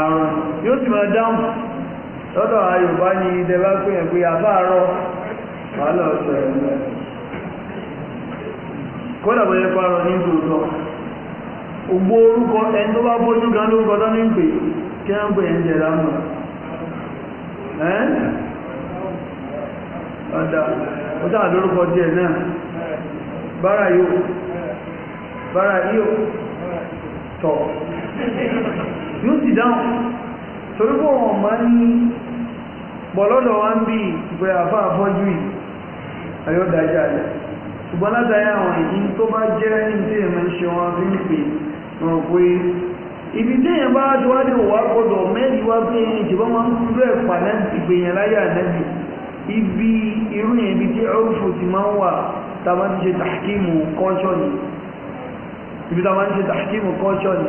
àrùn yóò sì máa dáhùn lọ́dọ̀ Yorùbá ni ilẹ̀ bá pè yàn pé àbáàrọ̀ wàhálà ọ̀sẹ̀ ẹ̀mẹ́ kódà bó yẹ parọ́ ní tòótọ́ ògbó orúkọ ẹni tó bá bójú gan lórúkọ tó ní pè kí wọ́n pè ń jẹ̀rà mọ̀ yóò sì dáhùn torí pé wọn máa ń bọ̀lọ́dọ̀ wá ń bí ìpẹ́ àfá àfọ́jú yìí ayọ́dájá rẹ̀ ṣùgbọ́n látàrí àwọn èyí tó bá jẹ́ ìdí ẹ̀mọ́ ṣe wọn rí pé wọn pé ibi téèyàn bá ti wá ní òwà gbọdọ̀ mẹ́rin wá pé ìjọba máa ń kúrò ẹ̀pà ìgbèyàn láyà nẹ́bì ibi irú yẹn ibi tí ọ́rùfù ti máa ń wà tá a máa ń ṣe tàkímù kọ́ṣọ́ ni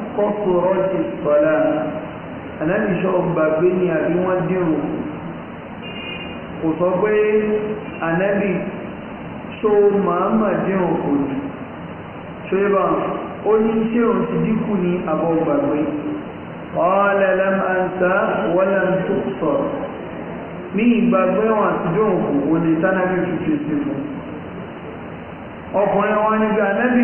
kọ́sọ̀rọ́jì sọ́lá anábìṣọ́ gbàgbé ni àbí wọ́n dìrò kò sọ pé anábì ṣó màámà dìrò kò jù ṣébà ó ní ṣé òun ti dínkù ní àbọ̀ gbàgbé qala lam ansa wa lam ní ìgbàgbé wọn àtijọ́ òkú òní tánábì fi ṣe sí fún ọkùnrin wọn níbi anábì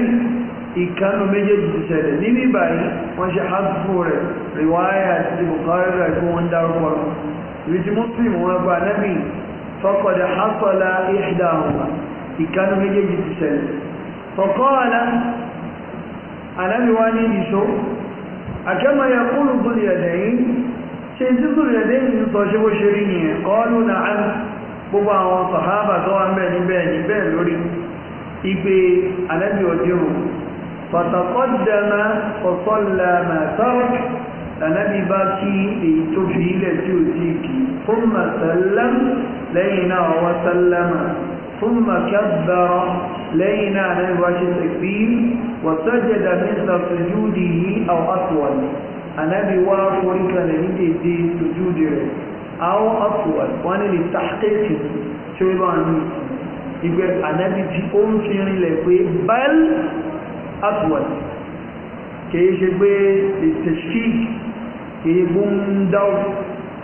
ìkánu méjèèjì ti ṣẹlẹ̀ níbi ìbàyí wọ́n ṣe hajjú rẹ̀ ríwáyà àti bukari rẹ̀ kí wọ́n dárúkọ rẹ̀ ibi tí muslim wọn gba nẹ́bí fọ́kọ̀dẹ̀ hasọ́lá ìṣdáhùnmá ìkánu méjèèjì ti ṣẹlẹ̀ fọ́kọ́ọ̀lá anábíwá ní ìṣó akẹ́mọ̀ yẹ kúrù bùrù yẹ̀dẹ̀yìn ṣe tí bùrù yẹ̀dẹ̀yìn sọ ṣe bó ṣe rí nìyẹn kọ́ọ̀lù náà gbogbo àwọn fàtàkọ́dàmà ọ̀sọ́làmà tọ́rọ̀ lànàbí bá kí èyí tó fi ilẹ̀ tí ò tí kì fún màsálàm lẹ́yìn náà wọ́n sálàmà fún màkàbàrọ̀ lẹ́yìn náà lẹ́yìn bá ṣe tẹ̀fí wàtọ́jẹ̀dà mẹ́ta sojúdì yìí àwọn àtùwàlì ànàbí wá forí kalẹ̀ ní aswad kìí ṣe pé ìtẹ̀ṣík kìí gún dáwọ̀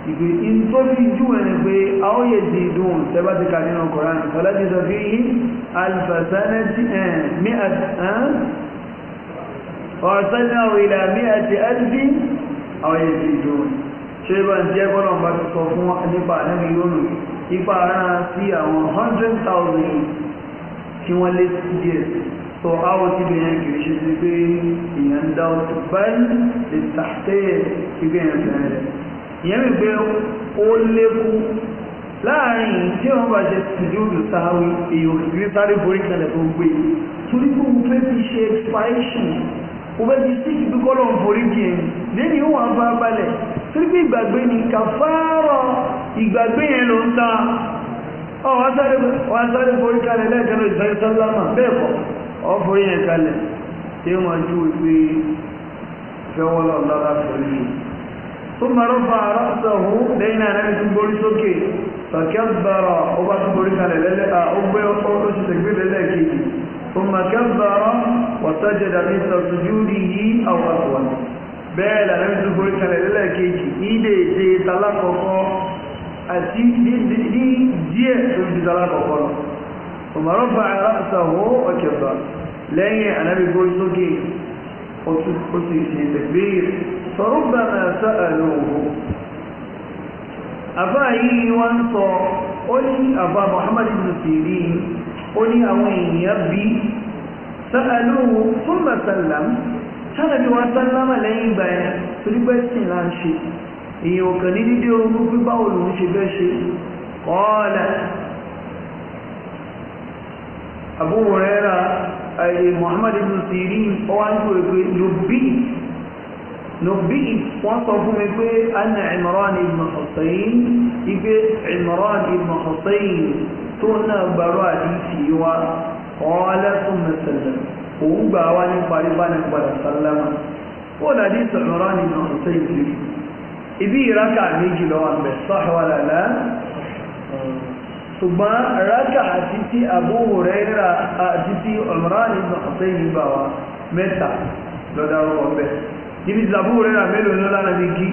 ìgbé in tó fi jú ẹni pé a ó yẹ di ìdún tẹ́bá ti kà nínú koran fọ́lájí sọ fi yí alfasanaji ọ̀sánnáwò eh, eh? ilẹ̀ àmì àti alfi a ó yẹ di ìdún ṣe bá ń jẹ́ ipa ara sí àwọn 100,000 tí wọ́n lé sí díẹ̀ so àwọn tí lè yẹn kìí ṣe wípé èèyàn dá ọtún báyìí lè tàtẹ́ ìgbé èèyàn bẹ̀rẹ̀ rẹ̀ ìyẹn mi pé ó lékú láàrin tí wọ́n bá ṣe tìjúdù sáwí èèyàn kìí sáré borí kalẹ̀ tó gbé torí pé mo fẹ́ fi ṣe expiration mo fẹ́ fi sí ìdúkọ́lọ̀ borí kìí lẹ́ni ó wà bá balẹ̀ torí pé ìgbàgbé ni kàfárọ̀ ìgbàgbé yẹn ló ń ta ọ̀ wá sáré borí kalẹ̀ lẹ́ẹ̀kan lóṣù sáyé sálámà bẹ́ẹ̀ kọ́ ọ̀fọ̀ yẹn kalẹ̀ tí ó máa ju ìpè fẹ́wọ́lọ́ lára pẹ̀lú yìí tó máa rọ́fà aráàtọ̀hún lẹ́yìn àrẹ́bí tó borí sókè فكبر وبكبر كان لله أبي وطول تكبير لله ثم كبر وسجد مثل سجوده أو أطول بلا لم تكبر كان لله كيجي إيدي دي تلاقوا أتي دي دي دي دي تلاقوا ثم رفع رأسه وكبر lẹ́yìn ànábì gbórí sókè ó sì ṣe tẹ̀gbéyìí sọ̀rọ̀gbà náà sáàlù òhun àbá yìí wọ́n sọ ó ní àbá Muhammad ibn Sirin ó ní àwọn èèyàn bí sáàlù fún masallam sánàbí wọn sálámà lẹ́yìn ìgbà yẹn torí pé sìn là ń ṣe èèyàn kan ní dídé orúkú pípa òlùn ṣe fẹ́ ṣe kọ́ọ̀lá Abu Hurairah Eh, Muhammad ibn Sirin ọwá ń pè pé nùbí wọ́n sọ fún mi pé anna Imran ibn Hussein igbe Imran ibn Hussein tó náà gbàrọ̀ àdìsí wa ọ̀ọ́lẹ́kùn mẹ́sẹ̀lẹ̀ òun gbà wá ní parípa ní padà sálámà ó dàdí Imran ibn Hussein ibi ìrákà méjì lọ́wọ́ àmì sọ́hwàlálá ṣùgbọ́n rákà àti tí Abu Huraira àti tí Imran ibn Husayn bá wa mẹ́ta lọ́dáró ọ̀bẹ níbi tí Abu Huraira mélòó ló lára ní kí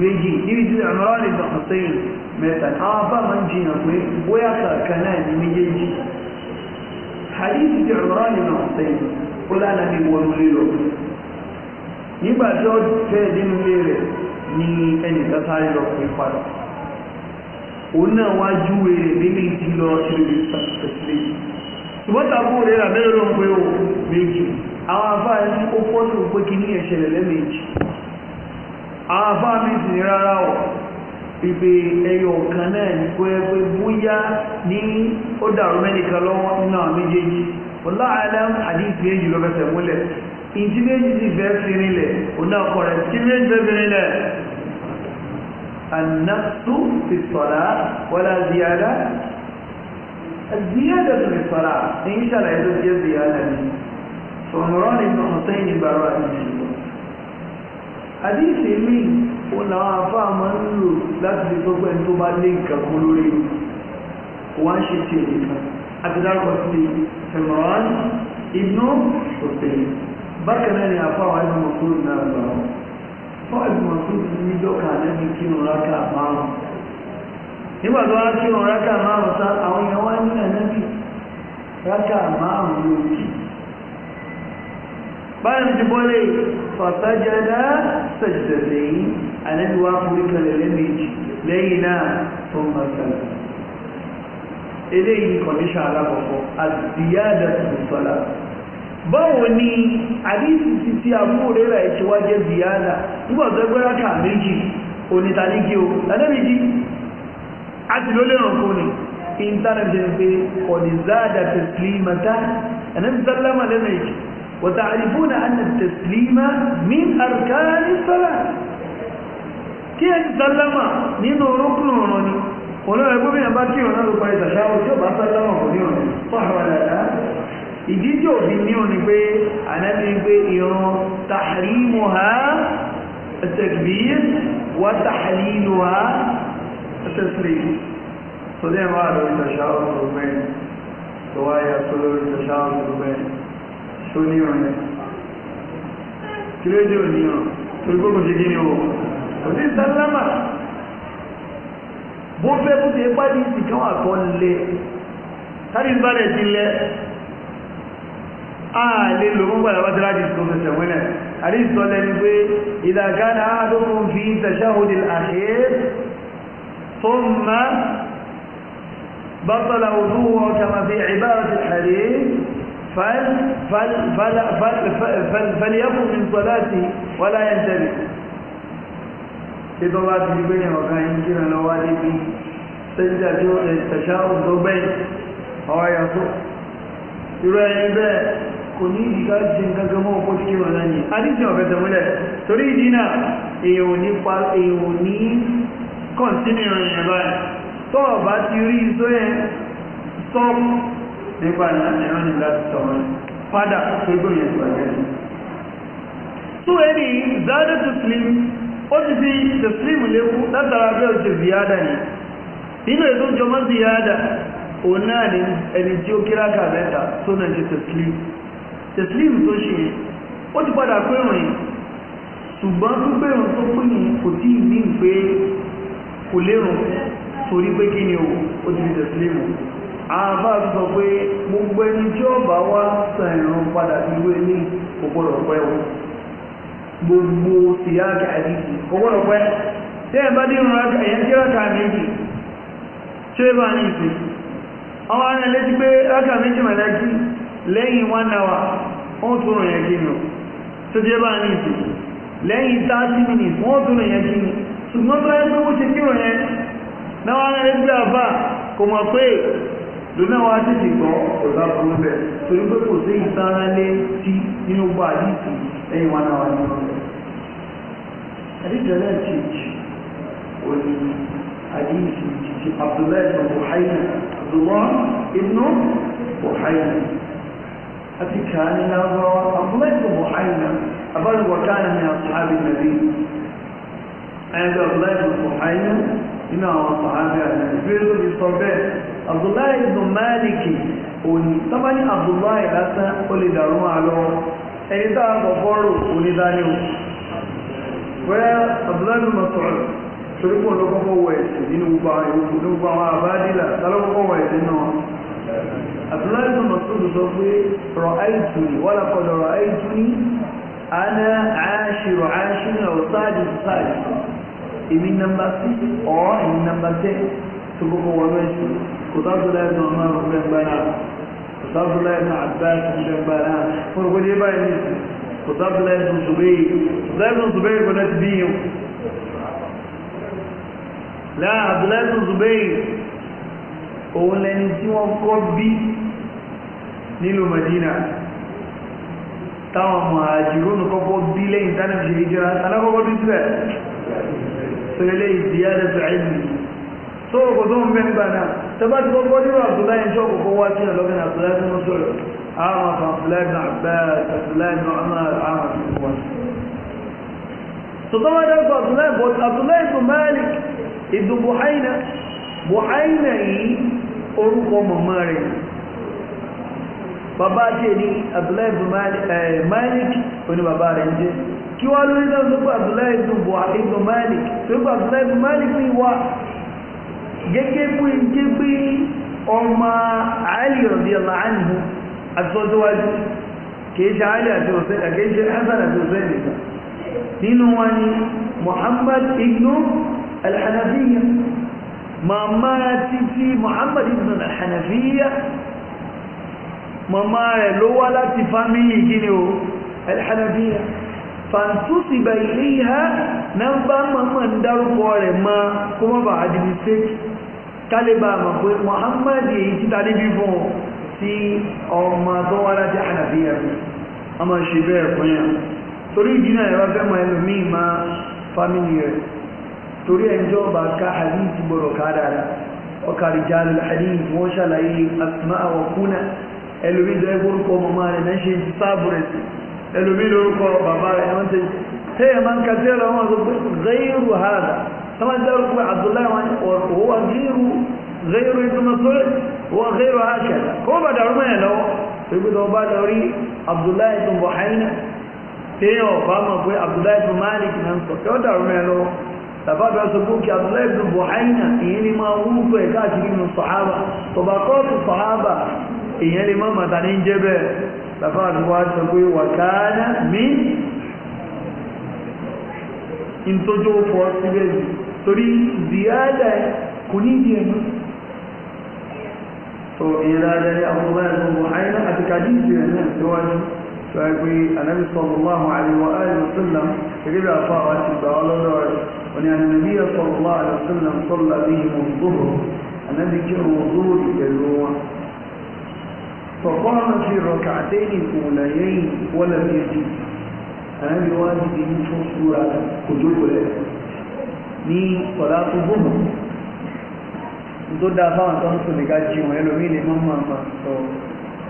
méjì níbi tí Imran ibn Husayn mẹ́ta àwọn afá máa ń jiyàn pé bóyá kàkan náà ní méjèèjì hadith ti Imran ibn Husayn ó lára ní òun náà wá júwe nínú ìdí lọ ìrìnlẹ̀ ìsàkùsẹ̀sílẹ̀ ìwọ́tàkù rẹ̀ rà mẹ́rin lọ́n pé méjì àwọn afáà ní ó fọ́sùn pé kí ní ẹ̀ṣẹ̀lẹ̀ lẹ́mẹ̀jì àwọn afáà mi sì rárá ọ̀ ìpè ẹyọ kan náà ní kó ẹ bóyá ní ó dàrú mẹ́nìkan lọ́wọ́ nínú àwọn méjèèjì méjì النفس في الصلاة ولا زيادة الزيادة في الصلاة إن شاء الله يدرس زيادة فمران بن حسين براء من àdíṣe míì ó na àfá àmà ń lò láti lè tọ́gbẹ́ tó bá lé nǹkan kó lórí wá ń ṣe tí èdè kan àtidárúkọ sí Imran ibn Hussein bákan náà ni àfá àwọn ẹgbẹ́ mọ̀kúrò náà gbà wọn fọ́ọ̀lù mọ̀tútù ní dọ́kà lẹ́bí kírun rákà márùn nígbà tó wá kírun rákà márùn sá àwọn èèyàn wá ní ẹ̀nẹ́bì rákà márùn ló kì báyìí ti bọ́lé fàtàjẹ́dá sẹ̀jẹ̀dẹ̀ yìí àlẹ́bí wá forí kalẹ̀ lẹ́mẹ̀jì lẹ́yìn náà tó ń báwo ni àdísì ti ti àbúrò rẹ̀ ìṣíwájẹ́ ziyada nígbàtọ́ gbẹ́ráka méjì onítàníkí o ládẹ́bìkí àti ló lè rànkó ni ìntánẹ̀tì pé ọ̀dìzáàdà tẹ̀sílímàtà ẹ̀nẹ́bìsálámà lẹ́mẹ̀ẹ́kì wọ̀ta àrífúnà ànà tẹ̀sílímà ní àrùkárí sọ́lá kí ẹ̀ sálámà nínú orókùn ọ̀rọ̀ ni ọ̀nà ẹgbẹ́ ìdí tí ò fi ní ò ní pé ànábì ń pé ìran tàhàrímù ha tẹ̀gbìr wà tàhàlílù ha tẹ̀sílẹ̀ tó dẹ́ wà lórí tàṣàrùn rùmẹ́ tó wá yà tó lórí tàṣàrùn rùmẹ́ tó ní ọ̀nà kí ló a lè lò mọ́ gbàdá wájú láti tó fẹsẹ̀ wẹ́lẹ̀ àdìsọ lẹ́nu pé ìdàgánà àádọ́kùn fi tashahudil akhir ثم بطل وضوءه كما في عبارة الحديث فل فل فل فل فل فل فليكن من صلاته ولا ينتبه إذا الله تجيبين وكان يمكن أن والدي سجد التشاؤم ضبين هو يصوم kò ní ìdíkà jí gangan mọ́ òkú tí wọ́n láyé adíjì ọ̀fẹ́ tẹ̀múlẹ̀ torí ìdínà èèyàn ní pa èèyàn ní kọ̀ntínú ìrìn báyìí tó ọ̀bá ti rí tó yẹ stop nípa ìrìn ní láti padà tó ẹgbẹ́ ni tó ẹni zádé tó slim ó ti fi the slim léwu látara ni nínú ètò ìjọmọ́ ziyada òun náà ni ẹni tí ó kíráka mẹ́ta tó tẹ̀sílìmù tó ṣe o ó ti padà pé rìn ṣùgbọ́n tó gbèrún tó pín ní kò tí ì ní pé kò lérùn torí pé o ó ti fi àbá sọ pé gbogbo ẹni tí bá wá san ìrun padà ìwé ní ògbọ́dọ̀ gbogbo síyáàkì àdìsí ògbọ́dọ̀ pẹ́ tẹ́ bá dé ìrun ẹ̀yẹn tí rákà méjì ṣé bá ní ìsìn àwọn arìnrìn létí pé lẹ́yìn one hour wọ́n tún rìn yẹn kí ni tó jẹ́ bá ní ìsìn lẹ́yìn thirty minutes wọ́n tún rìn yẹn kí ni ṣùgbọ́n tó yẹ pé ó ṣe kírun yẹn náà wọ́n rẹ̀ gbé àbá kò mọ̀ pé lónà wa ti ti gbọ́ kò bá burú bẹ́ẹ̀ torí pé kò sí ìtara lé tí nínú gbọ́ àdìsí lẹ́yìn one hour àti kàá ní lábọ́ abúlẹ́tò mọ̀háìnà abáríwọ̀ká ní àṣàbí nàbí ẹgbẹ́ abúlẹ́tò mọ̀háìnà nínú àwọn àṣàbí àgbẹ̀rẹ̀ lórí sọ bẹ́ẹ̀ abdullahi ibn maliki òní tábání abdullahi lásán ó lè dàrú máa lọ ẹni tá a sọ fọ́rọ̀ òní dání o wẹ́ẹ́ abdullahi ibn mas'ud torí pọ̀ lọ́kọ́kọ́ wọ ẹ̀sìn nínú gbogbo àwọn àbádìlà tálọ́kọ́kọ́ wọ ẹ̀sìn náà Abdullahi bin Mas'ud sọ pé ra'aytuni wa laqad ra'aytuni ana aashiru aashirin aw sadisu sadisu èmi nàmbà sí ọ̀ èmi nàmbà tẹ́ tó gbogbo wọn bẹ́ẹ̀ sí kò tó Abdullahi bin Umar ọ̀gbẹ́ gbà náà kò tó Abdullahi bin Abbas ọ̀gbẹ́ gbà náà kò tó gbogbo báyìí ní sí kò tó Abdullahi bin Zubair Abdullahi bin Zubair kò náà ti bí yẹn. láà Abdullahi bin Zubair òun lẹni tí wọ́n kọ́ bí nílùú Madina táwọn ọmọ àjírò ní kọ́kọ́ bí lẹ́yìn tánà fi ṣe ìjọra alákọ́kọ́ bí sílẹ̀ tó ilé ìdíyà rẹ̀ tó àìlú tó kò tó ń bẹ́ẹ̀ gbàna tẹ́bá ti kọ́kọ́ nínú Abdullahi ń ṣọ́kọ̀ kọ́ wá sí ọlọ́gbìn Abdullahi tó ń sọ̀rọ̀ àwọn afọ Abdullahi bin Abbas Malik ibn Buhaina Buhaina yìí orúkọ mọ̀mọ́ rẹ̀ bàbá jẹ́ ní Abdullahi Malik oní bàbá rẹ̀ jẹ́ kí wá lórí náà ló pé Abdullahi ibn Malik tó pé Abdullahi ibn Malik ní wá gẹ́gẹ́ bí i jẹ́ pé ọmọ Ali radiyallahu anhu àtọ́jọ́wájú àti òṣèlè kìí ṣe àti òṣèlè nínú wọn ni Muhammad ibn al màmá títí Muhammad ibn al-Hanafiya màmá rẹ̀ ló wá láti fámílì gíní o al-Hanafiya fàntúsì bá ilé ha na ń bá màmá ń dárúkọ rẹ̀ ma kúmọ́ bá àdìbì sẹ́kì kálébà mọ̀ pé Muhammad èyí títà níbi fún sí ọmọ tó wá láti Hanafiya ọmọ ṣe bẹ́ẹ̀ fún yà torí ìdínà ẹ̀rọ fẹ́ mọ̀ ẹlòmíì ma fámílì rẹ̀ torí ẹjọ́ bá ká hadith gbọ́rọ̀ káàdára ọkà rìjálù hadith wọ́n ṣàlàyé asma àwọ̀kúnà ẹlòmí dẹ́gbórúkọ mọ́má rẹ̀ náà ṣe sáàbùrẹ̀sì ẹlòmí lórúkọ bàbá rẹ̀ wọ́n ti tẹ́yẹ̀ máa ń ka tẹ́yẹ̀ lọ́wọ́ sọ pé gẹ́rù hàdà tọ́mọ dẹ́rù pé abdullahi wọn wọ́n gẹ́rù gẹ́rù ìtumọ̀sọ́rẹ̀ wọ́n gẹ́rù hàṣẹ̀dà kó bà dàrú mẹ́rin lọ́wọ́ pẹ̀lú tó bá dàrí abdullahi tó bọ̀ hàìnà tẹ́yẹ̀ ọ̀bá tàbátà sọ pé kí abdullahi ibn buhaina ìyẹn ni máa wúkọ ẹ̀ káàkiri nù sọ̀hábà tọ̀bàkọ́ọ̀tù sọ̀hábà ìyẹn lè má màtà ní jẹ́ bẹ́ẹ̀ tàbátà wá sọ pé wà káánà mí ń tójú fọ́ síbẹ̀ torí ziyada kò ní ìdí ẹ̀mí tó ìyẹn dáadáa pé anabi sallallahu alaihi wa alihi wa sallam gẹ́gẹ́ bí afọ àwọn ti gbà ọlọ́dọ̀ rẹ̀ wọ́n ní anabi sallallahu alaihi wa sallam sọ́lá bí i mọ̀ gbòòrò anabi kí wọn gbòòrò pẹ̀lú wọn. فقام في ركعتين الأوليين ولم يزيد anabi wa dìde ní fún súra kò jókòó ní ọ̀dà tó gbòòrò tó dáa fáwọn tó ń sùn nìkan jí wọn ẹlòmíì lè má máa sọ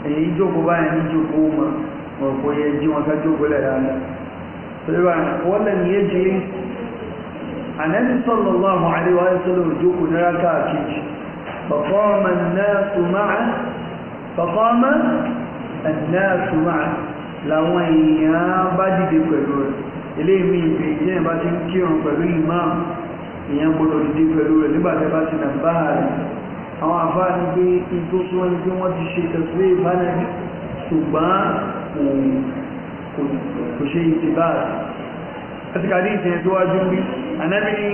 èyí jókòó báyìí ní jókòó máa wọn kò yẹ jí wọn kájú gbọ́lẹ̀ dáadáa pẹ̀lú wọn lẹ́nu yé jí ànẹ́bí sallallahu alaihi wa sallam jókòó náírà káàkiri faqama an-nasu ma'a faqama an-nasu ma'a làwọn èèyàn bá dìde pẹ̀lú rẹ̀ eléyìí mi ìyẹn bá ti ń kírun pẹ̀lú imam èèyàn gbọdọ̀ dìde pẹ̀lú rẹ̀ nígbà bá ti nà bá rẹ̀ àwọn afáàní pé ibi tó pé wọ́n ti ṣe tẹ̀síwé ìbánẹ́bí kò ṣe ìtì báà àti kàdí ìtìyàn tó wájú rí ànábì ní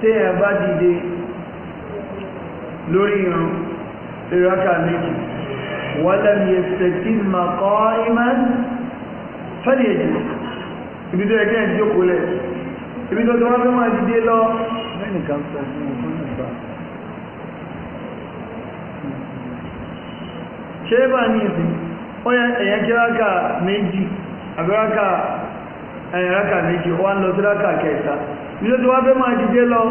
téèyàn bá dìde lórí ìrun ìrákà méjì wọ́lẹ̀m yẹ tẹ̀tí màkọ́ ìmán fẹ́lẹ̀ èjì ibi tó ẹgbẹ́ ìjókòó lẹ̀ ibi tó tọ́wọ́ tó máa dìde lọ mẹ́nìkan sọ bá ní ìsìn ó yẹ èyàn kí ráka méjì àbí ráka ẹ̀yìn ráka méjì ó wá ń lọ sí ráka kẹta nílé tí wọ́n fẹ́ máa dìde lọ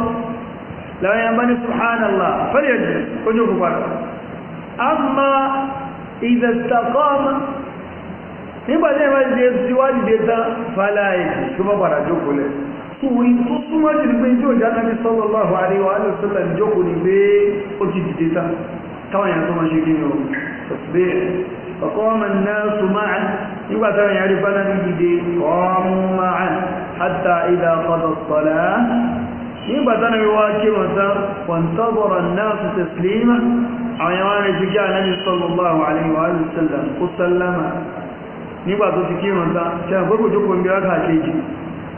làwọn yẹn bá ní subhanallah fẹ́lẹ̀ ẹ̀jẹ̀ ó ní òkú padà amma ìdẹ̀sítàkọ́ọ̀mà nígbà tí ẹ̀mà dìde tí wá dìde tán fàlàyé tó bá padà jókòó lẹ̀ sùwòrì tó súnmọ́ jù pé tí فقام الناس معه يبقى يعرفنا بجدي قاموا معه حتى إذا قضى الصلاة يبقى كان يواكب وانتظر الناس تسليما عيوان جاء النبي صلى الله عليه وآله وسلم قد سلم يبقى تسكيما كان فرق جوكم براكها كيجي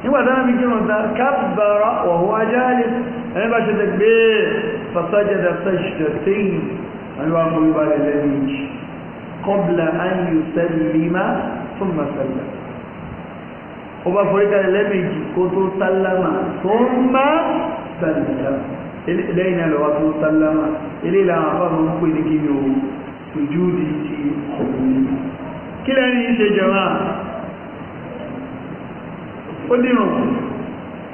يبقى كان بجيما كبر وهو جالس أنا باشا تكبير فسجد سجدتين أنا بقول بالله قبل أن يسلم fún masalla ó bá forí kalẹ̀ lẹ́mẹ̀jì kó tó sálámà tó ń bá sàlìmá lẹ́yìn náà lọ́wọ́ tó sálámà ilé ìlànà àbáwọn ń pè ní kí ni o ojú di ti ọkùnrin kí lẹ́ni ṣe jọra ó dìrùn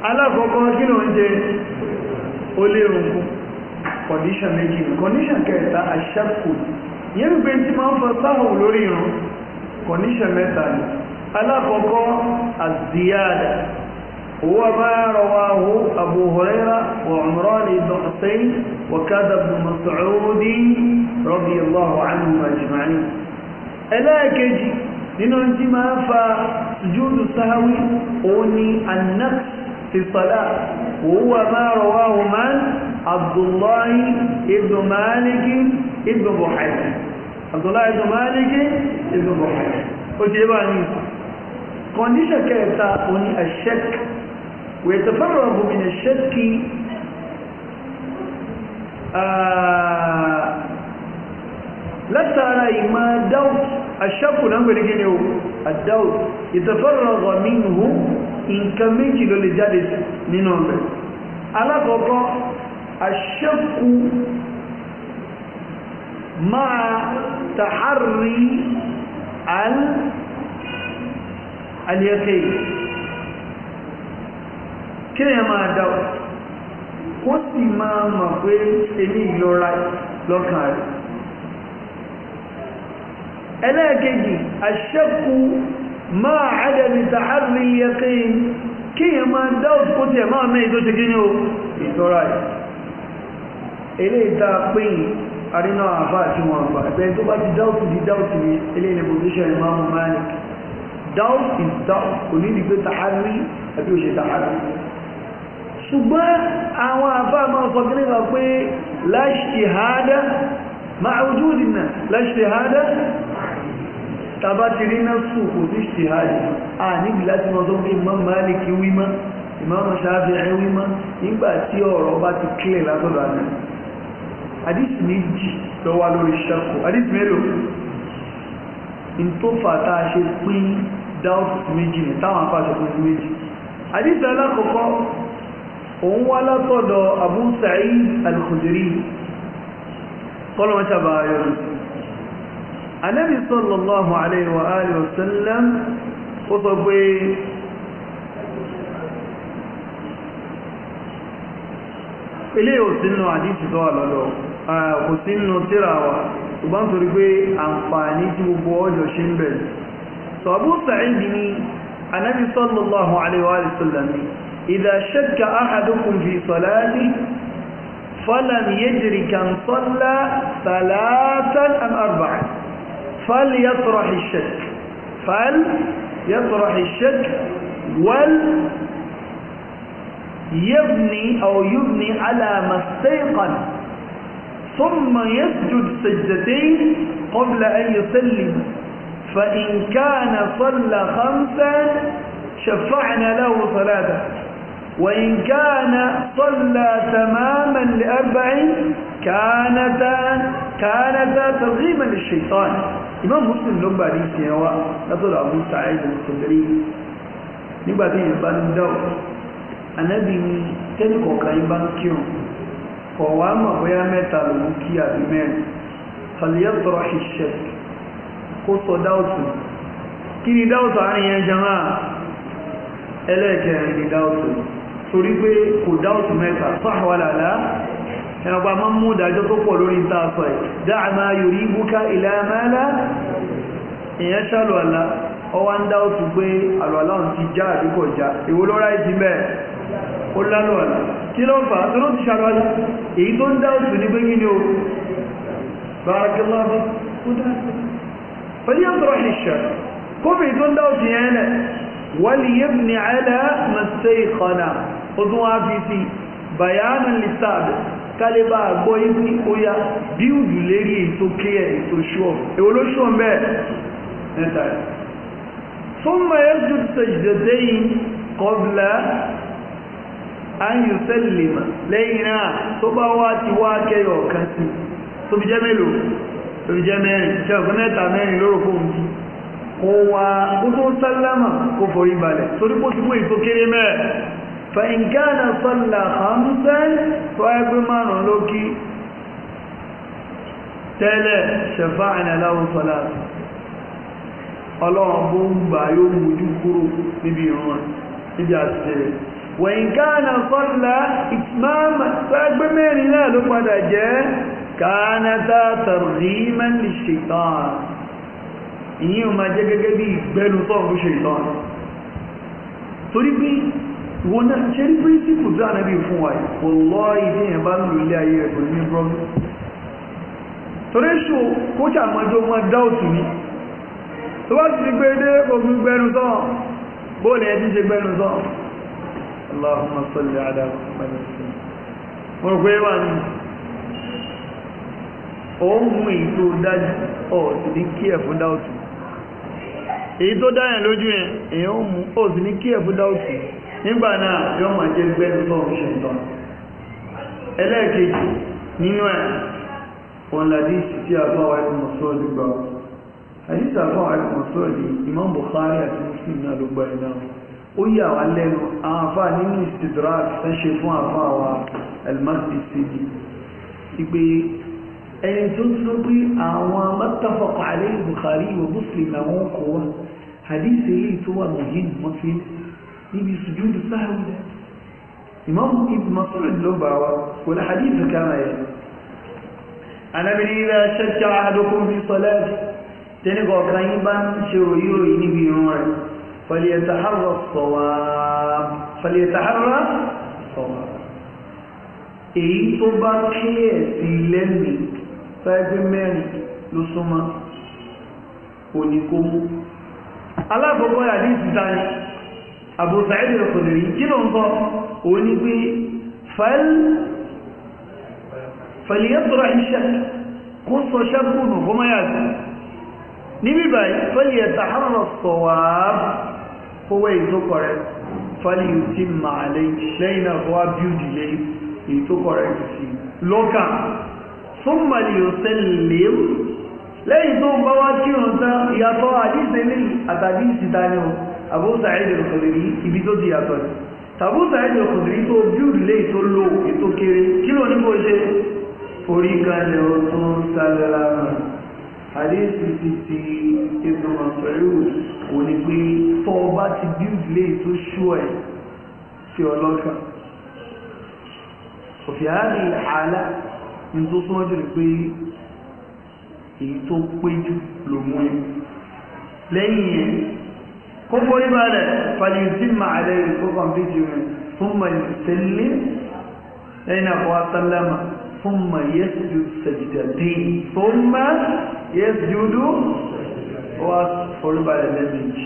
alákọ̀ọ́kọ́ kí ló ń jẹ ó lérùn kọ̀díṣàn méjì kọ̀díṣàn kẹta aṣákòó yẹn gbé tí máa ń fa sáhùn lórí ìrun kọ̀níṣẹ̀ mẹ́ta ni alákọ̀ọ́kọ́ àzíyáàdà owó abáyárọwáhó Abu Huraira wa Umran ibn Husayn wa kadha ibn Mas'ud radiyallahu anhum ajma'in ẹlẹ́ẹ̀kejì nínú tí máa ń fa sùjúdù sáháwí ما رواه عبد الله ابن مالك ابن بحيرة Abdullahi ibn Malik ibn Bukhari ó ti yé bá ní kọndíṣà kẹta òní àṣẹk ويتفرغ من الشك آه لترى ما دوت الشك نقول كده الدوت يتفرغ منه nǹkan méjì ló lè jáde nínú ọ̀rẹ́ alákọ̀ọ́kọ́ àṣẹ́kù máa تحري اليقين kí ni ẹ máa dá o kó sì máa mọ̀ pé èmi ìlọra lọ́kàn rẹ̀ ẹlẹ́ẹ̀kejì àṣẹ́kù máa àdẹ̀mì tààrí yẹkín kí yẹn máa dá o kó sì ẹ máa mẹ́ ìtó ṣe kí ni o ìlọra rẹ̀ eléyìí tá a pín yìí àrínà àfá àti wọn àgbà ẹgbẹ́ tó bá ti dáùtù di dáùtù ní eléyìí position Imam Malik doubt is doubt kò ní ìgbé tàhárí àbí òṣè tàhárí ṣùgbọ́n àwọn àfá máa sọ gíní lọ pé láṣìhádá máa ojú ìdìnà láṣìhádá tàbá ti rí náà sùn kò sí ṣìhádá à níbi láti mọ́ tó pé Imam Malik wímọ́ Imam Shafi'i wímọ́ nígbà tí ọ̀rọ̀ bá ti kílẹ̀ látọ̀dọ̀ àná àdìsí méjì ló wá lórí ṣẹ́kù àdìsí mélòó in tó fà tá a ṣe pín dáùtù méjì ní táwọn afáṣẹ pín sí méjì àdìsí alákọ̀ọ́kọ́ òun wá látọ̀dọ̀ Abu Sa'id al-Khudri kọ́lọ́mọ́ sábà yọrù Ànábì sallallahu tó wà lọ́dọ̀ kò sí nínú tíra wa ṣùgbọ́n nítorí pé àǹfààní tí gbogbo ọjọ́ ṣe ń bẹ̀rẹ̀ sọ Abu Sa'id ni anabi sallallahu alaihi wa sallam ni idha shakka ahadukum fi salati falam yadri kam salla salatan am arba'a فليطرح الشك فليطرح الشك وال يبني أو يبني على ما استيقن ثم يسجد سجدتين قبل أن يسلم فإن كان صلى خمسا شفعنا له ثلاثة وإن كان صلى تماما لأربع كانتا كانتا ترغيما للشيطان إمام مسلم لهم بعد سنوا نظر أبو سعيد المسلمين نبعدين إيه؟ بان دور النبي تلقوا كاين بان كيون kọ̀ wá mọ̀ bóyá mẹ́ta lòun kí àbí mẹ́rin fàlíyàtọ̀rọ̀ ìṣẹ̀ kó sọ dáùtù kí ni dáùtù àárín yẹn jama ẹlẹ́ẹ̀kẹrin ni dáùtù torí pé kò dáùtù mẹ́ta fáwọlàlá ẹnàpá máa ń mú ìdájọ́ tó pọ̀ lórí tààfà dáàmà yorí búká ìlàmàlá ìyẹn ṣàlùwàlá ọwá ń dáùtù pé àlùwàlá òun ti já àdúkọ̀ já èwo lọ́ráìtì bẹ́ẹ̀ ó lálọ́ àlà kí ló ń fà á tó ló ti ṣàlọ́lá èyí tó ń dá òtù ní pé kí ni o barakallahu ó dá pẹ̀lú yàtọ̀ ìṣẹ́ kófì tó ń dá òtù yẹn lẹ̀ wali yabni ala mastayqana ó tún kálébà gbọ́ ibi óyá bí ùdù lérí ètò kílẹ̀ ètò ṣọ́ èwo ló ṣọ́ mẹ́ ẹ̀ta fún mọ̀ ẹ́sùn tẹ̀jẹ̀dẹ́yìn kọ́bùlá ayù sẹ́lìmà lẹ́yìn náà tó bá wá ti wá kẹyọ ọ̀kan sí tó fi jẹ́ mélòó tó fi jẹ́ mẹ́rin ṣẹ́gun mẹ́ta mẹ́rin lóró fún mi kó wá kó tó sálámà kó forí balẹ̀ torí kó ti mú èso kéré mẹ́ẹ̀ fẹ̀yìnkánà sọ́là hamsẹ́ tó márùn lókí tẹ́lẹ̀ ṣẹ̀fà àìnàláwọ̀ sọ́là wẹ̀yìn káàna sọ́lá ìtìmáàmà sàgbé mẹ́rin náà ló padà jẹ́ káàna tààtàrí mẹ́rin ṣètàn ìyí o máa jẹ́ gẹ́gẹ́ bí ìgbẹ́nu tọ́ọ̀rù ṣètàn torí bí wọ́n náà ṣe rí pírísìpù tí ànábì fún wa pọ̀lọ́ ilé yẹn bá lò ilé ayé rẹ̀ pẹ̀lú ní brọ́mù اللهم صل على محمد وسلم mo rò pé wà ní ohun èyí tó dájú ọ̀ sì ní kí ẹ̀ fún dáòtù èyí tó dáyàn lójú yẹn èyí ó mú ọ̀ sì ní kí ẹ̀ fún dáòtù nígbà náà yóò máa jẹ́ gbẹ́nu náà ṣe tán ẹlẹ́ẹ̀kejì nínú ẹ̀ wọn làdí sí àfáwà ìmọ̀sọ́ọ̀lì ó yà wá lẹ́nu àwọn afá nínú istidrak tán ṣe fún afá wa almasi sigi ìpè ẹni tó ń sọ pé àwọn mọ́tàfọ́kọ̀ alẹ́ Bukhari wa Muslim làwọn kọ wá hadith eléyìí tó wà mọ̀hìn mọ́fí níbi sùjúdù sáhùn dẹ́ imam ibn Mas'ud ló bá wa wọlé hadith kama yẹn anabini ilẹ̀ ṣẹ́ṣẹ́ àdókòó fi sọlẹ́ẹ̀tì yín bá ń ṣe ròyìn فليتحرى الصواب فليتحرى الصواب اي طبا كيتي لمي فايب ميني لو سما ونيكم على بابا حديث ثاني ابو سعيد الخدري كده انطى ونيبي فل فليطرح الشك قص شبه هما يعني نبي باي فليتحرى الصواب for where is not correct fali you ti ma ale lẹ́yìn náà fọwọ́ build ilé èyí tó correct sí lọ́kà fún mali yóò sẹ́lẹ̀ lẹ́yìn tó ń bá wá kírun tán ìyàtọ̀ àdíṣe ní àtàdí ìsìdáni o Abu ibi tó ti yàtọ̀ àdéhùn ti ti ètò mọ̀sọ̀rọ̀ kò ní pé tọ́ ọ bá ti bíúdì lè tó ṣú ẹ̀ sí ọlọ́kàn òfin àárín ìhàlá ní tó súnmọ́ jù ní pé èyí tó pé jù ló mú ẹ lẹ́yìn ẹ̀ kókó rí balẹ̀ fàlìyìntì máa rẹ̀ kókó àbíjì rẹ̀ fún mọ̀lẹ́sẹ̀lẹ́ lẹ́yìn àkọ́wá sálámà ثم يسجد سجدتين ثم يسجد was followed by the message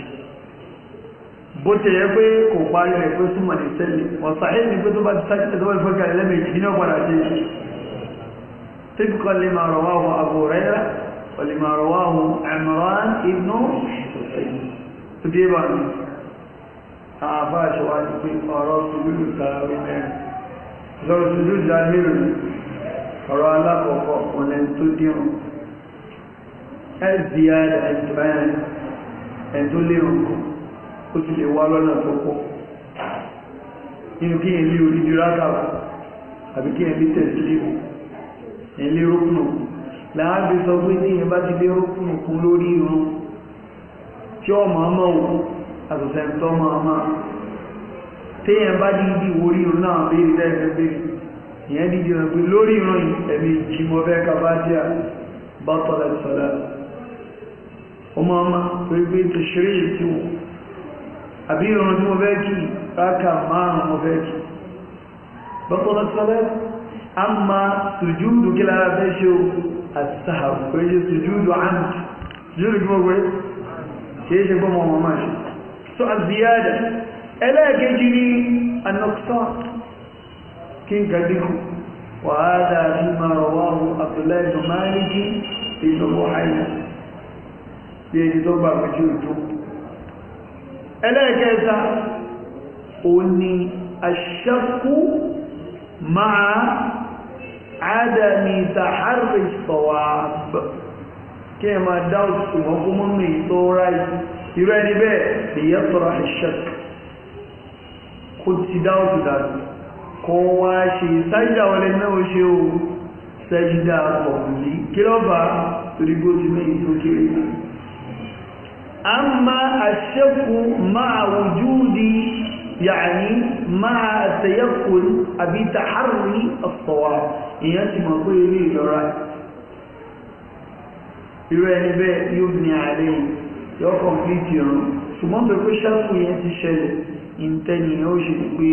bó ṣe yẹ pé kò parí rẹ̀ pé súnmọ̀ ní sẹ́lẹ̀ ọ̀sàáyé ni pé tó bá ti sáàkì tó bá ti fọ́kà ẹlẹ́mẹ̀jì nínú padà ṣe tíkọ́ lè máa rọ̀wá ohun Abu Hurairah wọ́n lè máa rọ̀wá ohun Imran ibn Hussein tó dé bá mi àbá àṣọwájú pé ọ̀rọ̀ sùúrù ta orí mẹ́rin lọ́rọ̀ sùúrù ta mẹ́rin ọ̀rọ̀ alákọ̀ọ́kọ́ ọ̀nà tó dírùn sdr ẹni tó lérò ó ti lè wá lọ́nà tó pọ̀ nínú kí èlé orí ju rákàrà àbí kí èlé tẹ̀sílẹ̀ èlé rókùnù láàbí sọ pé ní ìyẹn bá ti lé rókùnù kún lórí irun tí ọmọ ọmọ òkú àtọ̀sẹ̀ tọ́mọ ọmọ téèyàn bá dídí ìwòrí irun náà béèrè dáìbẹ̀ ìyẹn dídí rẹ̀ pé lórí ìran ẹ̀mí jìmọ̀ bẹ́ẹ̀ kàbájíà bá tọ́lá ìsọ̀lá ọmọ ọmọ torí pé tẹ̀ṣẹ̀rí ètò àbí ìran tí mo fẹ́ kí ráka márùn mo fẹ́ kí bá tọ́lá ìsọ̀lá a ma sùjúdù kí lára fẹ́ ṣe o àti sàhàbù pé ṣe sùjúdù àǹtì sùjúdù kí mo gbé ṣe é ṣe gbọ́mọ ọmọ máa ṣe so àzíyáda ẹlẹ́ẹ̀kejì ní anọ́kítọ́ọ̀tì kí n gàdínkù wà á dáa ní máa rọwọ́rù abdullahi ibn malik ibn buhari bí ẹni tó gbà méjì òjò ẹlẹ́ẹ̀kẹta ò ní aṣẹ́kù máa ádámi tàhárí sọ̀wàbà kí ẹ máa dá òṣùwọ́n kó mọ́ mi bẹ́ẹ̀ lè yẹ́ sọ̀rọ̀ aṣẹ́kù kó ti dá òṣùwọ́n kò wá ṣe sájídà wọlé náà ó ṣe o sájídà kọ̀ọ̀lì kí ló bá torí bó ti mé ìtò kéré a ma àṣẹ́kù máa wùjúdi yàní máa àtẹ̀yẹ́kù àbí tàhárì ọ̀sọ̀wà èèyàn ti mọ̀ pé eré ìlọ́ra irú ẹni yóò ní ààrẹ yóò kọ̀m̀pìtì ọ̀run ṣùgbọ́n pẹ̀lú ṣẹ́kù yẹn ti ṣẹlẹ̀ ìntẹ́niyàn ó ṣe pé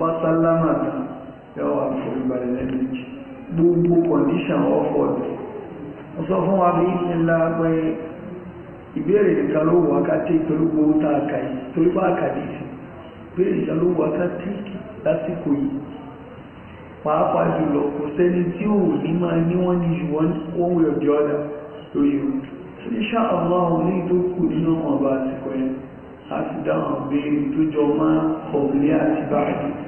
bá sálámà yóò wà fòrìbàlẹ̀ lẹ́nu gbogbo condition offered wọ́n sọ fún wa bí ńlá pé ìbéèrè nìkan ló wà ká tí torí gbogbo tá a kà yìí torí bá a kà yìí sí ìbéèrè nìkan ló wà ká tí lásìkò yìí pàápàá jùlọ kò sẹ́ni tí ò ní máa ní wọ́n ní ju one way or the other lórí o tí insha Allah ní tó kù nínú ọba àsìkò a ti dáhùn béèrè tó jọ máa kọ̀ọ̀lẹ́ àti báyìí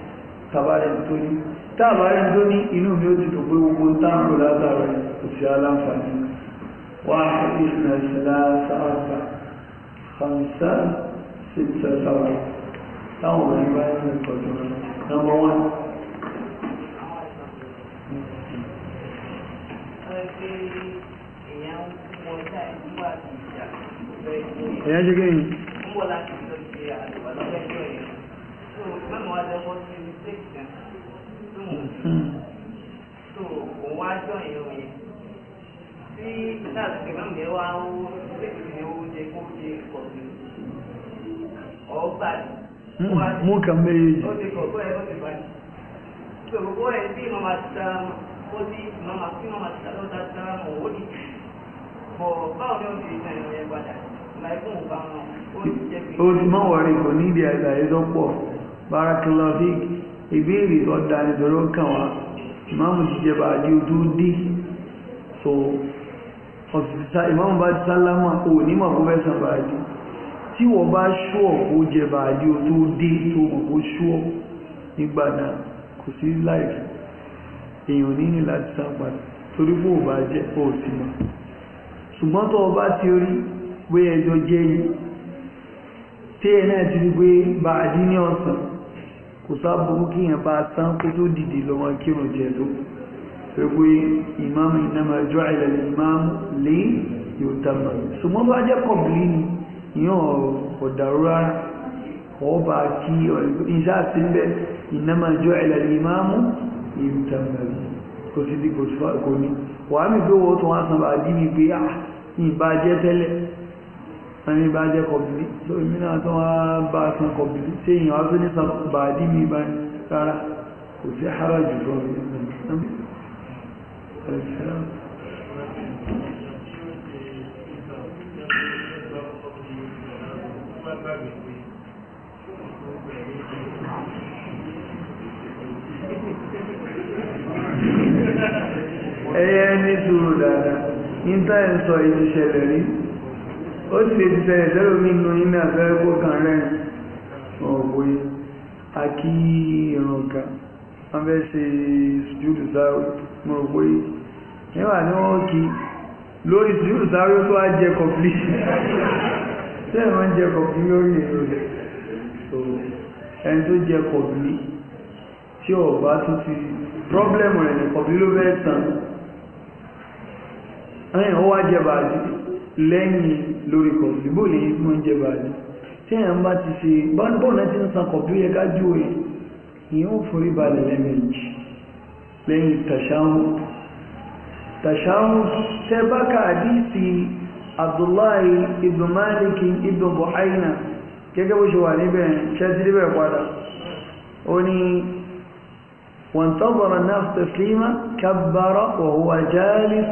tabarẹ̀ tó ní táàbárẹ̀ tó ní inú mi ó ti tó pé gbogbo táàrù látàrẹ kò sí aláǹfààní wà ìsìnà ìsìnà sáàbà fàmìsà síta sáwà táwọn obìnrin bá ń rìn pọ̀jù nọ́mbà wọn. Ẹ̀yà ṣe kí ni? Ń bọ̀ láti ìjọ ṣe àlùbọ̀ lọ́gbẹ́jọ́ yẹn. Mẹ́mọ̀ wá jẹ́ mọ́ sí tó òun wá jọ ìrún yẹn tí náà ìmáàmù yẹn wá ó lẹ́yìn ní owó jẹ kó jẹ kọ̀ọ̀tù ọgbà mú kàn méjì. ó ti kọ̀ bóyá ó ti bá yìí tó bóyá tí màmá ti ta ó ti màmá tí màmá ti ta lọ́ta ta mọ̀ ó ní bọ̀ báwo ni ó ti ta ìrún yẹn padà láìpẹ́ òun bá wọn o ti jẹ́ pé. ó ti mọ̀ wọ̀rí kò ní ìdí àgbáyé tó pọ̀ bárakìlọ́fíìkì ìbéèrè tó da nítorí ó kàn wá ìmáàmù ti jẹba àdí ojú dé so ọ̀sìsá ìmáàmù bá ti sálámà ò nímọ̀ kó fẹ́ sàn bá àdí tí wọ́n bá ṣúọ̀ kó jẹba àdí ojú dé tó mọ̀ kó ṣúọ̀ nígbà náà kò sí láìsí èèyàn ní ní láti sá torí pé ò bá jẹ́ ò sí mọ́ ṣùgbọ́n tó o bá ti rí pé ẹjọ́ jẹ́ yìí tí ẹ náà ti rí pé bàdí ní ọ̀sán kò sáàbùrú kí yẹn bá tán kó tó dìde lọ́wọ́ kírun jẹ tó pẹ̀lú ìmáàmù ìnáma ẹjọ́ ìlẹ̀ ìmáàmù lé yóò tàbà ṣùgbọ́n bá jẹ́ kọ̀bìlì ni ìyàn ọ̀dàrú rárá ọba kí ìṣá sí bẹ́ ìnáma ẹjọ́ ìlẹ̀ ìmáàmù yóò tàbà kò sí kò ní wàá mi pé wọ́n tún wá san ah, bá dí mi pé ìbá jẹ́ tẹ́lẹ̀ ẹni bá jẹ́ kọ̀bìlì tó èmi náà tó wá bá san kọ̀bìlì tí èèyàn wá tó ní san bàdí mi bá ni rárá kò sí ara jù fún ẹyẹ ní sùúrù dáadáa ní táyà ń sọ ìṣẹ̀lẹ̀ rí ó sì lè ti sẹ̀rẹ̀ sẹ́rọ nínú iná àfẹ́rẹ́kọ́ kan rẹ̀ ọ̀wẹ́ àkí ìrànká wọ́n fẹ́ ṣe sùjúdù sáré mọ̀ pé níwà ní wọ́n kí lórí sùjúdù sáré tó á jẹ kọ̀pì tẹ́ ẹ̀ máa ń jẹ kọ̀pì lórí èrò rẹ̀ ẹni tó jẹ kọ̀pì tí ọ̀bá tó ti pírọ́blẹ̀mù rẹ̀ ní kọ̀pì ló fẹ́ tàn ẹ̀yìn ó wá jẹ bàjẹ́ lẹ́yìn lórí kọ̀ọ̀sì bó lè mọ́ jẹ bàálì tí èèyàn bá ti ṣe bọ́ọ̀lù náà ti ń san kọ̀ọ̀bí yẹ ká ju ẹ̀ ìyẹn ò forí balẹ̀ lẹ́mẹ̀jì lẹ́yìn tàṣáhùn tàṣáhùn tẹ́ bá ka àdìsí abdullahi ibn malik ibn buhaina gẹ́gẹ́ bó ṣe wà níbẹ̀ ṣẹ́tí níbẹ̀ padà ó ní وانتظر الناس تسليما كبر وهو جالس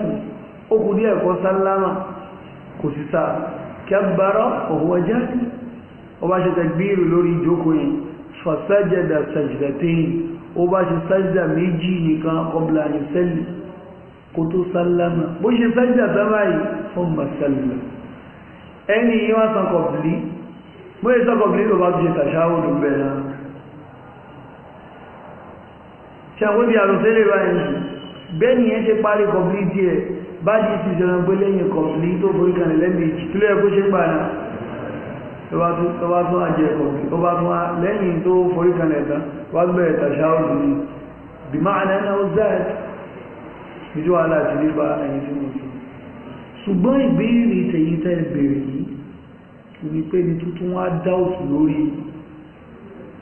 أخذ يكو سلما kò sí sáà kabbara huwa jahid ó bá ṣe takbíru lórí ìjókòó yìí fasajada sajdatayn ó bá ṣe sájìdà méjì nìkan qabla an yusalli kó tó sálámà bó ṣe sájìdà sábà yìí thumma sallama ẹni yìí wọ́n san kọ̀bìlì bó ṣe san kọ̀bìlì ló bá ṣe tashahhudu bẹ̀rẹ̀ ṣe àwọn ti àrùn sílẹ̀ báyìí ti jẹun pé lẹ́yìn kọ̀ọ̀lì tó borí kan lẹ́mìí tó lẹ́yìn kó ṣe ń gbà náà ọba tún àjẹ́ kọ̀ọ̀lì ọba tún lẹ́yìn tó forí kan lẹ́ta wá gbẹ̀rẹ̀ tàṣà òdù ni bí máa náà náà ó zẹ́ẹ̀ ìjọ aláàtì nípa ẹ̀yìn tí mo sọ ṣùgbọ́n ìbéèrè tẹ̀yìn tẹ́ bèrè yìí kò ní pé ní tuntun wá dá òfin lórí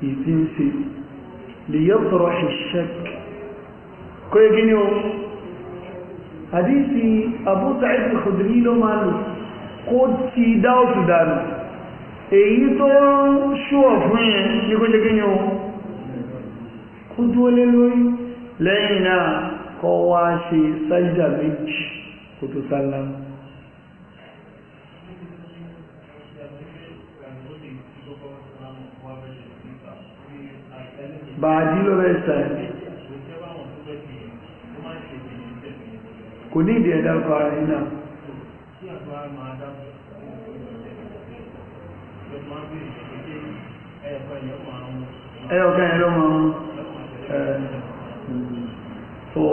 ìdí ń ṣe lè yẹ́ tọrọ ṣẹ̀ṣẹ̀k kó yẹ kí ni o hadisi abu sa'id al-khudri ló máa lò kó ti dáòtù dànù èyí tó ń ṣúọ̀ fún yẹn ní kó jẹ́ kí ni o kó dúó lé lórí lẹ́yìn náà kọ́ wá ṣe sájídà méjì kó tó sálámù bàájí ló rẹ̀ sàájì kò ní ìdí ẹ̀dá ọkọ̀ ara iná ẹ̀ọ̀ká ẹ̀rọ wọn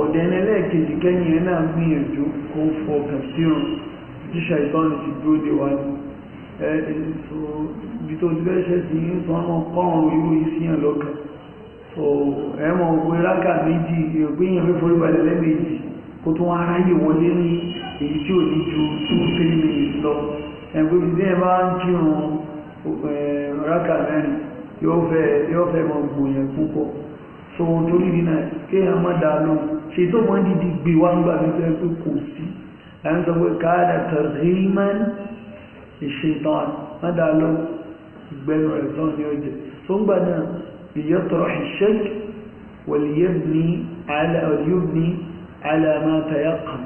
ọ̀dẹ̀ni lẹ́ẹ̀kejì kẹ́yìn ẹ̀ náà gbìyànjú kó fọ kàfíìrùn jíṣà ìbánu ti dúró de wa ní ibi tó ti bẹ́ṣẹ̀ sí ń sọ ọmọ pọ́ọ̀rùn irú ìsìyàn lọ́kàn ẹ̀mọ̀ ògbé lákà méjì ìrògbéyàn fíforíbalẹ̀ lẹ́ẹ̀mejì kó tó wọn aráyè wọlé ní èyí tí ò ní ju two three minutes lọ ẹgbẹ́ mi ní ẹ bá ń kírun rákà mẹ́rin yóò fẹ́ yóò fẹ́ mọ gbòyàn púpọ̀ so torí nínà kéèyàn má dáa lọ ṣe tó wọn dìde gbé wá nígbà tó fẹ́ pé kò sí à ń sọ pé káàdà tẹ̀síìmán ìṣètàn má dáa lọ ìgbẹ́nu rẹ̀ tán ní ọjọ́ tó ń gbà náà ìyẹ́tọ̀rọ̀ ìṣẹ́kì wọ̀lìyẹ́ ní àlẹ́ ọ̀yọ́ ní على ما تيقن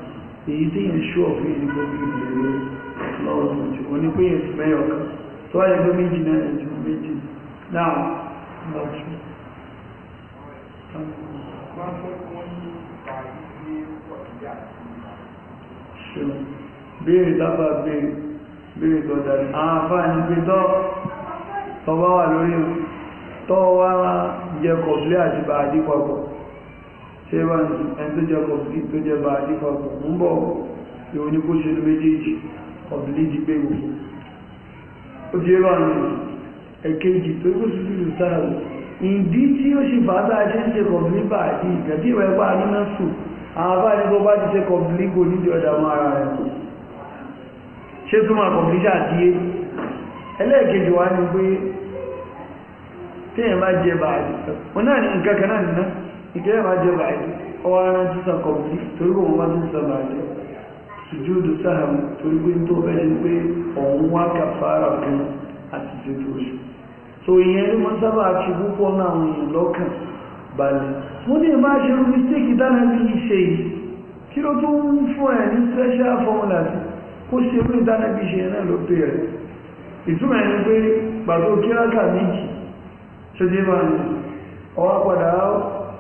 tí yẹn ṣú ọ̀fún yẹn gbogbo ìbẹ̀rẹ̀ lọ́wọ́ jù ó ní pé yẹn ti mẹ́yọ̀ kan tó wáyé pé méjì náà yẹn jù méjì náà lọ jù. béèrè gọ̀dà ní àáfà tọ́ tọ́ wà lórí tọ́ wá jẹ́ kọ̀ọ̀lẹ́ àti bàá dípapọ̀ se wà ní ẹni tó jẹ́ kọ̀bìlì tó jẹ́ bá àdífà kò ń bọ̀ ìwò ní kó ṣe méjèèjì kọ̀bìlì di pé wò ó jẹ́ wà ní ẹ̀kejì tó kó sí sílù sáàrù ìdí tí ó ṣe bàbá ṣe ń ṣe kọ̀bìlì bá àdí ìgbàdí ìwẹ̀ bá nínú sùn àwọn bá ní bó bá ti ṣe kọ̀bìlì kò ní di ọ̀dà wọn ara rẹ̀ ṣé tó máa kọ̀bìlì ṣàdíyé ẹlẹ́ẹ̀kejì wá ní pé téèyàn bá jẹ bàbá wọn ìjẹ́ ìwà jẹ́ báyìí ọwọ́ ara ti sàn kọ̀ọ̀tì torí kò wọ́n bá ti sàn báyìí sùjúdù sáhàm torí pé tó bẹ́ẹ̀ ni pé òun wá kàfàrà kan àti tètè oṣù tó ìyẹn ló mọ́ sábà ti púpọ̀ náà àwọn èèyàn lọ́kàn balẹ̀ wọ́n ní ìbá ṣe rúbi stéèkì dáná bí i ṣe yìí kí ló tó ń fún ẹ̀ ní special formula sí kó ṣe rúbi dáná bí i ṣe náà ló pè rẹ̀ ìtumọ̀ ẹni pé pàtó kíráàkà méjì ṣe dé bá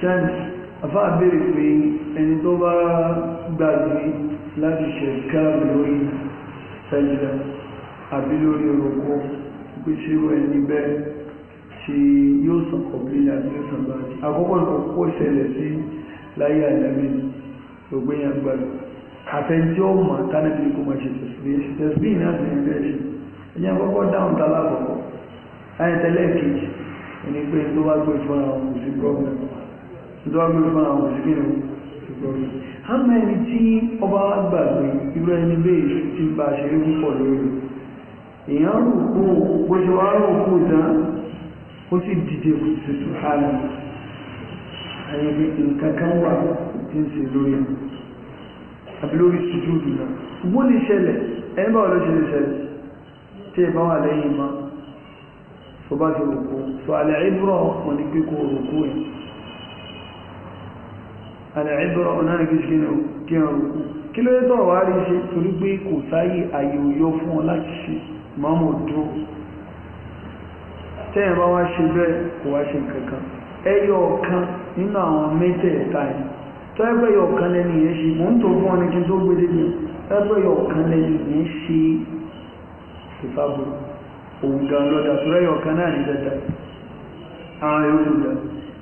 ṣáàjì afá àbẹ̀rẹ̀ pé ẹni tó bá gbàgbé láti ṣe káàbì lórí sẹ́jìdá àbí lórí orúkọ pé ṣe wọ ẹni bẹ́ẹ̀ ṣe yóò sàn kọ̀bílẹ̀ àti yóò sàn báyìí àkọ́kọ́ ìkọ̀kọ́ ìṣẹ̀lẹ̀ sí láyé àdámì ògbéyàn gbàgbé àfẹnjẹ́ ọmọ tánàbí kò máa ṣe tẹ̀sí tẹ̀sí náà sì ń bẹ́ẹ̀ ṣe ẹ̀yìn àkọ́kọ́ dáhùn tálá àkọ́kọ́ ayẹtẹlẹ kejì ẹni pé tó wá gbé fún àwọn òsì gọ́ọ̀mù tó wá gbé fún àwọn òsì kínú gọ́ọ̀mù àmọ́ ẹni tí ọba wa gbàgbé irú ẹni bẹ́ẹ̀ ti bá a ṣeré púpọ̀ lórí èèyàn rò kú bó ṣe wá rò kú tán ó sì dìde tuntun hànà ẹni pé nǹkan kan wà tí ń ṣe lórí àbí lórí sùdúrù náà wọ́n lè ṣẹlẹ̀ ẹni báwo ló ṣe lè ṣẹlẹ̀ tí ẹ bá wà lẹ́yìn máa tó bá ti rùkú so alẹ́ẹ̀bùrọ̀ wọn ni pé kò rùkú ẹ̀ alẹ́ẹ̀bùrọ̀ náà kí ṣe kí ẹ rùkú kí ló tọ́ wá rí ṣe torí pé kò sáyé àyè òyọ fún ọ láti ṣe mọ́mọ́ dúró tẹ́yìn bá wá ṣe bẹ́ẹ̀ kò wá ṣe kankan ẹyọ ọ̀kan nínú àwọn mẹ́tẹ̀ẹ̀ta yìí tó ẹgbẹ́ yọ ọ̀kan lẹ́nu yẹn ṣe mò ń tó fún ọ ní kí n tó gbé dé ẹgbẹ́ yọ ọ̀kan lẹ́nu yẹn ṣe ìfàbùrù òun gan lọ́dà tó rẹ́yọ̀ kan náà ní dada àwọn yòókù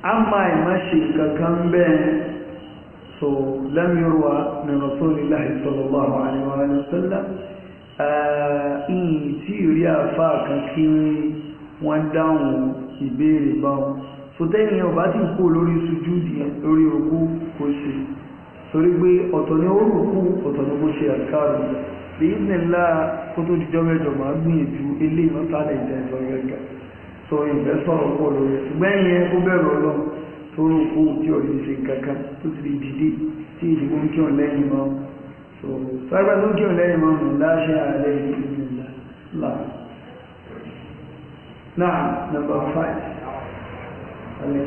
a máa ìmá ṣe kankan bẹ́ẹ̀ so lẹ́mìíràn ní rasulillahi sallallahu alaihi wa sallam ìyìn tí ìrí àfa kan kí wọ́n dáhùn ìbéèrè bá wọn sọtẹ́yìn ọba tí kú lórí sujúdì lórí òkú kò ṣe torí pé ọ̀tọ̀ ni ó rò kú ọ̀tọ̀ ni kò ṣe àkárò èyí ní ńlá kó tó dijọ́ mẹ́jọ máa gbìyànjú ilé ìmọ̀tálẹ̀ ìtẹ̀sọ̀ gẹ́gẹ́ sọ ìfẹ́ sọ̀rọ̀ pọ̀ lórí ṣùgbọ́n yẹn ó bẹ̀rù ọlọ́run tó rò kó tí ò ní ṣe kankan tó ti dìde tí ìdìbò kíọ̀ lẹ́yìn mọ́ so sábà tó ń kíọ̀ lẹ́yìn mọ́ mọ̀ number five alex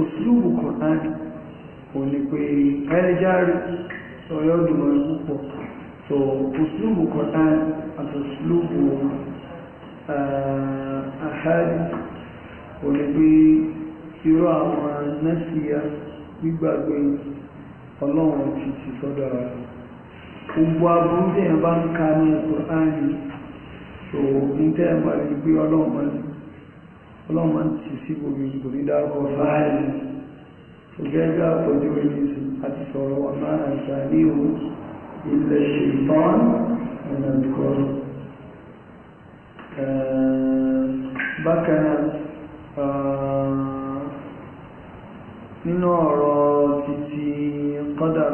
òsìlúùbù kọ̀ọ̀tánì kò ní pé ẹlẹ́járe sọ̀rọ̀ ọdún ọ̀rẹ́ púpọ̀ so òsìlúùbù kọ̀ọ̀tánì àti òsìlúùbù àhádì kò ní pé irú àwọn nẹ́sìyà gbígbàgbé ọlọ́run ti ti sọ́dọ̀ ara gbogbo aburú tẹ̀yàn bá ń ka ní ẹ̀kọ́ áàrin so ní tẹ́yàn bá rí pé ọlọ́run ọlọ́run máa ń ti sí gbogbo ìgbòrí dárúkọ fáàlì gẹ́gẹ́ àpọ̀jú ẹnìsì àti sọ̀rọ̀ wà máa ń ta ní ìwò ilẹ̀ ṣètọ́n ọ̀nà ìkọ́ bákan nínú ọ̀rọ̀ títí kọ́dà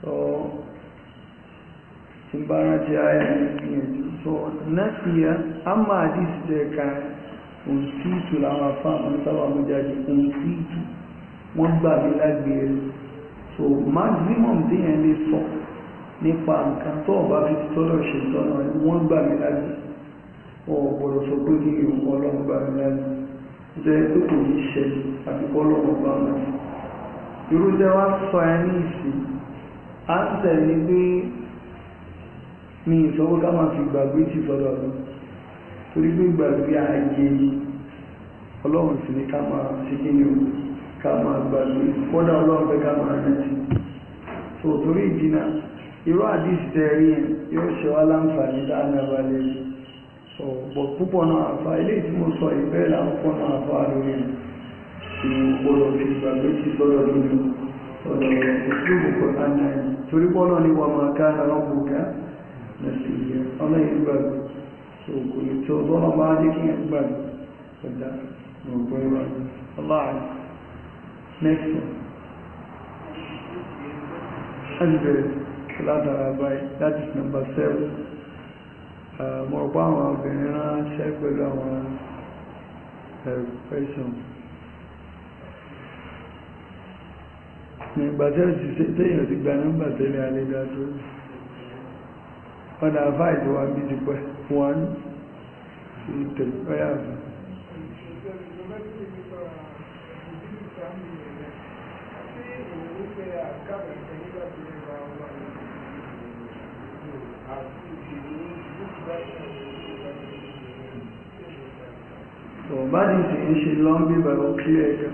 sọ tí bá ayé ní sọ náà sí ya a máa dìsẹ̀ kan òǹtútù làwọn afáàmù sábà mú jáde òǹtútù wọ́n gbà mí lágbèrè so maximum téèyàn lè sọ nípa nǹkan tó ọba fi ti tọ́lọ̀ ṣe tọ́nà rẹ̀ wọ́n gbà mí lágbèrè ọ̀gbọ̀rọ̀ sọ pé kí ìrùn ọlọ́run gbà mí lágbèrè jẹ́ pé kò ní ṣẹlẹ̀ àti ọlọ́run gbà mí lágbèrè irú jẹ́ wá sọ ẹ ní ìsìn á ń tẹ̀lé pé mi ìsọwọ́ ká máa fi gbàgbé ti sọ́dọ̀ ọ̀dọ́ torí ló gbàgbé ààyè ọlọ́run sì ní ká máa ṣe kí ni ká máa gbàgbé kọ́dà ọlọ́run fẹ́ ká máa rántí so torí ìdínà irú àdìsí tẹ̀rí yẹn yóò ṣe wá láǹfààní dáadáa lè so bọ̀ púpọ̀ náà àfa ilé tí mo sọ ìbẹ́ẹ̀ láwọn pọ̀ náà àfa lórí ìgbọ́dọ̀ fi ìgbàgbé ti sọ́dọ̀ lórí ìsúlùkọ̀ àná torí bọ́lọ́ ni wọ́n máa ká ara ọ̀gbọ̀gá lẹ́sìn ìyẹn ọlọ́yìn gbàgbé so kò lè tó lọ́nà bá jẹ́ kí ẹ gbà ẹ̀dá gbogbo ẹ̀rọ aláàrẹ next one ẹgbẹ̀rẹ̀ látara báyìí that is number seven mo rọ̀ pa àwọn obìnrin ránṣẹ́ pẹ̀lú àwọn ẹ̀rù pẹ̀sùn nígbà tẹ́lẹ̀ sí tẹ́yìn ò ti gba nọ́mbà tẹ́lẹ̀ alẹ́ dá tó ọ̀nà àbá ìlú wa bí ti pẹ́ one two three ọ̀yà àbá. ọ̀bádì tí ń ṣe lọ bí bàbá kí ẹ̀yà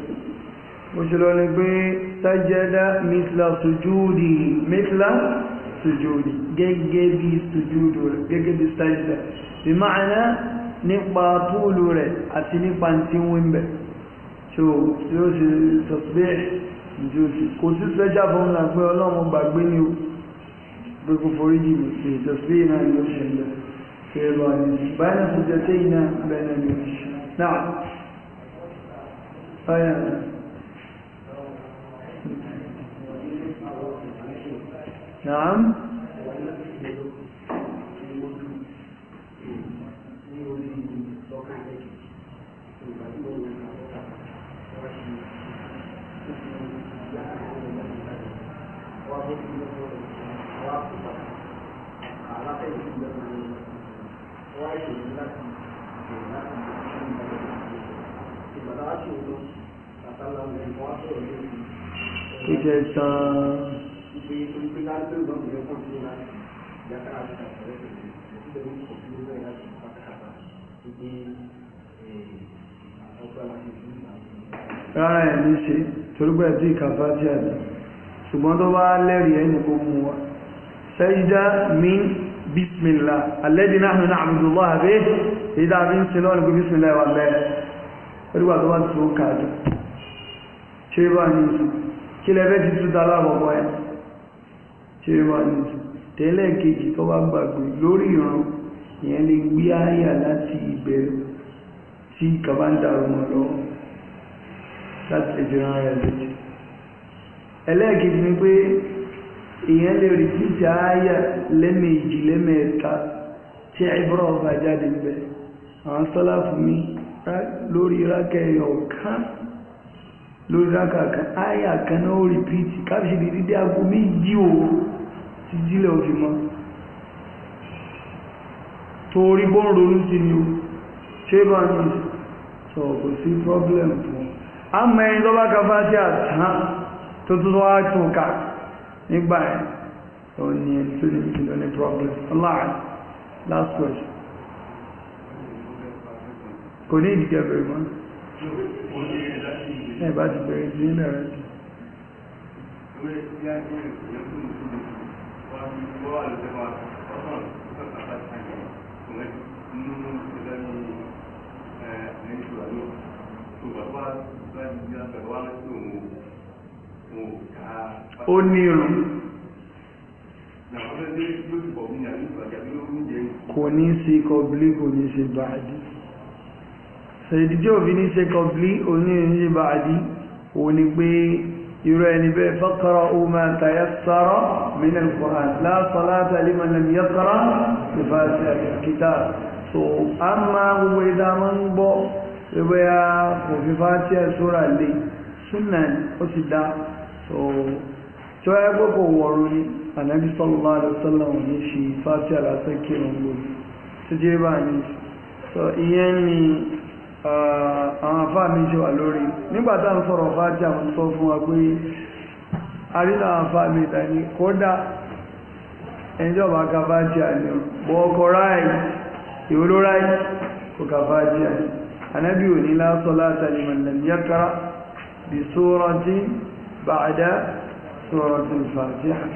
ó ṣe lọ ní pé tajẹ́dá mitla sujúdì mitla sùjúdì gẹ́gẹ́ bí sùjúdù rẹ̀ gẹ́gẹ́ bí sáìdà bí ma'ana nípa túlù rẹ̀ àti nípa tí wọ́n bẹ̀ tí ó sì sọ̀pẹ́ ìjọsì kò sí sẹ́jà fún ńlá pé ọlọ́run gbàgbé ni ó pé kò forí jì sí sọ̀pẹ́ náà Naam. Ìjẹta pé torí pé láti lóògbà mi yẹ kàn sí láti yàtọ̀ àti àtọ̀rẹ́ pẹ̀lú ìdílé orí kò sí lóògbà láti pàtàkàtà tó dé ọgbà láti ìlú rárá ẹ̀ ní ṣe torúgbà ṣe wà ní tẹ́lẹ̀ kejì tó bá gbàgbé lórí ìran ìyẹn lè gbé àyà láti ìbẹ̀rẹ̀ tí kàbá ń dàrú mọ́ lọ́wọ́ láti lè jẹun ara rẹ̀ létí ẹlẹ́ẹ̀kejì ni pé èèyàn lè rí títí àáyà lẹ́mẹ̀ẹ́jì lẹ́mẹ̀ẹ́ta tí ẹ̀bùrọ̀ ọba jáde níbẹ̀ àwọn sọ́lá fún mi lórí rákẹ́ ọ̀kan lórí rákà kan àáyà kan náà ó rí pìtì káfíṣe dídí aago méjì òru ti jílẹ̀ òfin mọ́ torí bó ń ronú sí ni o ṣé bá ní sọ sí problem fún a mọ ẹni tó bá ka fásí àtàn tó tún wá tún ká nígbà ẹ̀ ó ní ẹni tó ní ìpínlẹ̀ ní problem Allah last question kò ní ìdíkẹ́ bẹ̀rẹ̀ mọ́ ẹ̀ bá ti bẹ̀rẹ̀ sí ní ó ní irun kò ní ṣe kọ̀blí kò ní ṣe báadí ṣèdíjọ́ òfin ní ṣe kọ̀blí òní ní ṣe báadí òní pé irú ẹni bẹ́ẹ̀ faqra'u ma tayassara min al-Qur'an la salata liman lam yaqra bi fatihatil kitab so a máa gbogbo ìdá máa ń gbọ́ ẹgbẹ́ ya kò fi fatiha sóra lè súnà ó ti dá so tí wọ́n yẹ pé kò wọ̀rọ̀ ni ànábì sallallahu alaihi wasallam ní ṣe fatiha lásán kírun gbòòrò tó jẹ́ báyìí so ìyẹn ni Ah, àwọn afá mi ṣe wà lórí nígbàtà ń sọ̀rọ̀ fàájì àwọn sọ fún wa pé àrílà afá mi dání kódà ẹjọba kàfàájì àní bọ́ọ̀kọ̀ ráì ìwòrò ráì kò kàfàájì àní anábì ò ní lásọ látàrí mọ̀lẹ̀míyàkára